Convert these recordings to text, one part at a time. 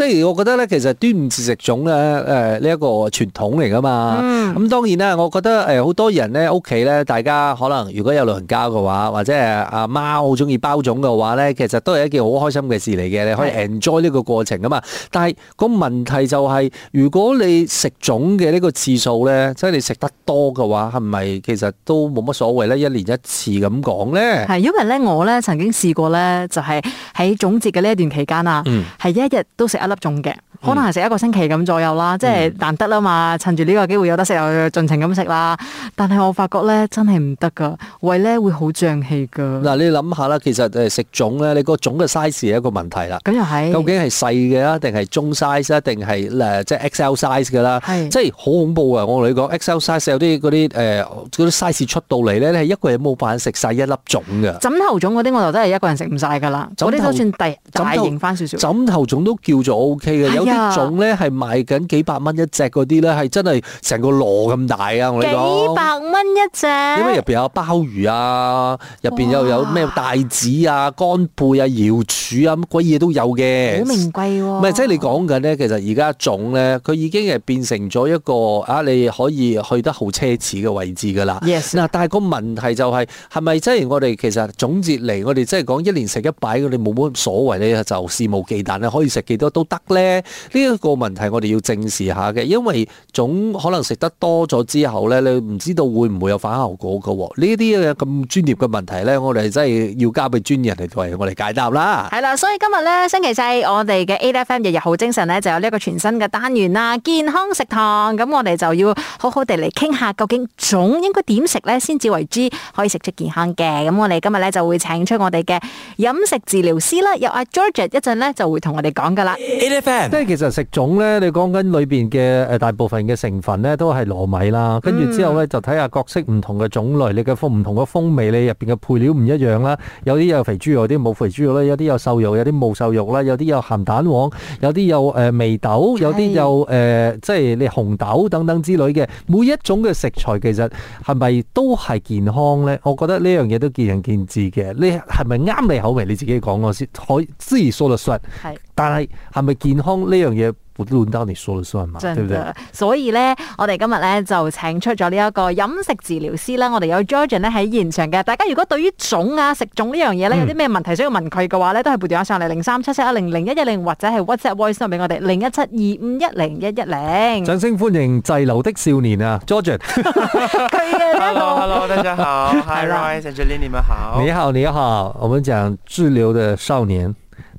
即係我覺得咧，其實端午節食粽咧，誒呢一個傳統嚟㗎嘛。咁當然啦，我覺得誒好多人咧屋企咧，大家可能如果有老人家嘅話，或者阿媽好中意包粽嘅話咧，其實都係一件好開心嘅事嚟嘅，你可以 enjoy 呢個過程啊嘛。但係個問題就係，如果你食粽嘅呢個次數咧，即係你食得多嘅話，係咪其實都冇乜所謂咧？一年一次咁講咧？係，因為咧我咧曾經試過咧，就係喺粽節嘅呢一段期間啊，係一日都食一粒粽嘅。可能係食一個星期咁左右啦，即係難得啦嘛，趁住呢個機會有得食，就盡情咁食啦。但係我發覺咧，真係唔得噶，胃咧會好脹氣噶。嗱，你諗下啦，其實誒食粽咧，你個粽嘅 size 係一個問題啦。咁又係？究竟係細嘅啊，定係中 size 啊，定係誒即係 XL size 噶啦？係。即係好恐怖啊！我同你講，XL size 有啲嗰啲誒嗰啲 size 出到嚟咧，你一個人冇辦法食晒一粒粽噶。枕頭粽嗰啲我就真係一個人食唔晒噶啦。枕頭。嗰啲就算第大型翻少少。枕頭粽都叫做 OK 嘅。啲種咧係賣緊幾百蚊一隻嗰啲咧，係真係成個螺咁大啊！我講幾百蚊一隻，因為入邊有鮑魚啊，入邊又有咩大子啊、乾貝啊、瑤柱啊，乜鬼嘢都有嘅，好名貴喎、啊。唔係，即係你講緊咧，其實而家種咧，佢已經係變成咗一個啊，你可以去得好奢侈嘅位置噶啦。嗱、yes，但係個問題就係、是，係咪真係我哋其實總結嚟，我哋即係講一年食一擺，你冇乜所謂咧，就肆無忌憚咧，可以食幾多都得咧？呢、這、一個問題我哋要正視下嘅，因為粽可能食得多咗之後呢，你唔知道會唔會有反效果噶、哦。呢啲咁專業嘅問題呢，我哋真係要交俾專業人嚟為我哋解答啦。係啦，所以今日呢，星期四我哋嘅 A F M 日日好精神呢，就有呢個全新嘅單元啦，健康食堂。咁我哋就要好好地嚟傾下，究竟粽應該點食呢？先至為之可以食出健康嘅。咁我哋今日呢，就會請出我哋嘅飲食治療師啦，由阿 George 一陣呢，就會同我哋講噶啦。A F M。其實食粽呢，你講緊裏邊嘅誒，大部分嘅成分呢，都係糯米啦，跟住之後呢，就睇下各式唔同嘅種類，你嘅唔同嘅風味，你入邊嘅配料唔一樣啦。有啲有肥豬肉，有啲冇肥豬肉啦；有啲有瘦肉，有啲冇瘦肉啦；有啲有鹹蛋黃，有啲有誒、呃、眉豆，有啲有誒即係你紅豆等等之類嘅。每一種嘅食材其實係咪都係健康呢？我覺得呢樣嘢都見仁見智嘅。你係咪啱你口味？你自己講我先，可以而說律。係。但係係咪健康呢樣嘢會亂到你數都數唔埋？真嘅，對唔對？所以咧，我哋今日咧就請出咗呢一個飲食治療師啦。我哋有 Georgen 咧喺現場嘅。大家如果對於腫啊食腫呢樣嘢咧有啲咩問題需要問佢嘅話咧、嗯，都係撥電話上嚟零三七七一零零一一零或者係 WhatsApp Voice a 畀俾我哋零一七二五一零一一零。掌聲歡迎滯留的少年啊 g e o r g e n 哪 h 佢嘅 l o Hello 大家好，Hi，Roy e n 里，Hi, Ryan, Angelina, 你們好。你好，你好，我們講滯留的少年。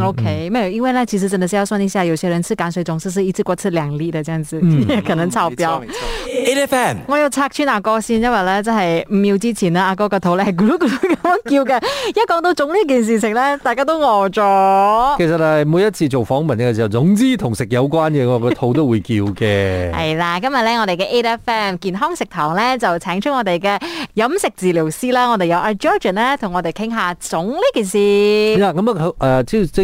O、okay. K，因為咧其實真的是要算一下，有些人吃鹼水粽是一次過吃兩粒嘅，這樣子、嗯、可能超標。A 我要拆穿阿哥先，因為咧真係五秒之前咧，阿哥個肚咧係咕嚕咕嚕咁樣叫嘅。 一講到粽呢件事情咧，大家都餓咗。其實係每一次做訪問嘅時候，總之同食有關嘅，我個肚都會叫嘅。係 啦，今日咧我哋嘅 A F M 健康食堂咧就請出我哋嘅飲食治療師啦，我哋有阿 Georgen 咧同我哋傾下粽呢件事。咁、嗯嗯嗯嗯嗯嗯呃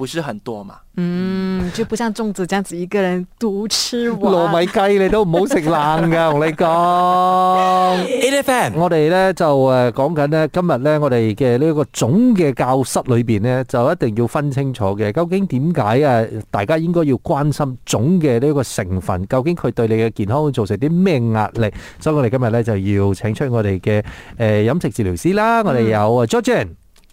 不是很多嘛？嗯，就不像粽子這樣子一個人獨吃完糯米雞，你都唔好食冷噶，同你講。In the fan，我哋咧就誒講緊咧，今日咧我哋嘅呢個粽嘅教室裏邊咧，就一定要分清楚嘅。究竟點解啊？大家應該要關心粽嘅呢個成分，究竟佢對你嘅健康會造成啲咩壓力？所以我哋今日咧就要請出我哋嘅誒飲食治療師啦。我哋有啊，Georgen。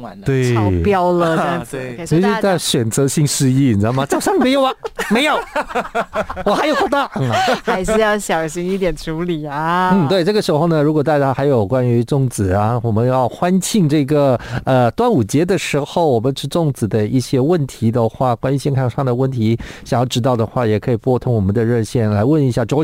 超對超標了，所以在選擇性失憶，你知道嗎？早上沒有啊，沒有， 我還有好多， 還是要小心一點處理啊。嗯，對，這個時候呢，如果大家還有關於粽子啊，我們要歡慶這個呃端午節的時候，我們吃粽子的一些問題的話，關於健康上的問題，想要知道的話，也可以撥通我們的熱線來問一下，Georgen。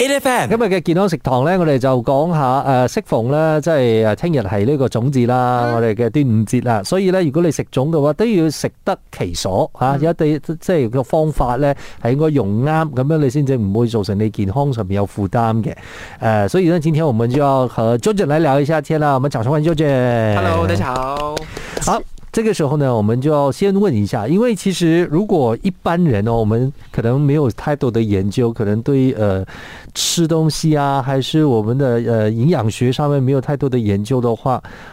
Georgen 今日嘅健康食堂咧，我哋就講下，呃適逢咧，在聽日係呢個粽子啦，嗯、我哋嘅端午節。所以呢，如果你食粽嘅話，都要食得其所嚇，一啲即係個方法呢，係應該用啱咁樣，你先至唔會造成你健康上面有負擔嘅、呃。所以呢，今天我們就要和 Georgen 來聊一下天啦。我們掌聲歡迎 Georgen。Hello，大家好。好，這個時候呢，我們就要先問一下，因為其實如果一般人呢，我們可能沒有太多的研究，可能對呃吃東西啊，還是我們的呃營養學上面沒有太多的研究的話。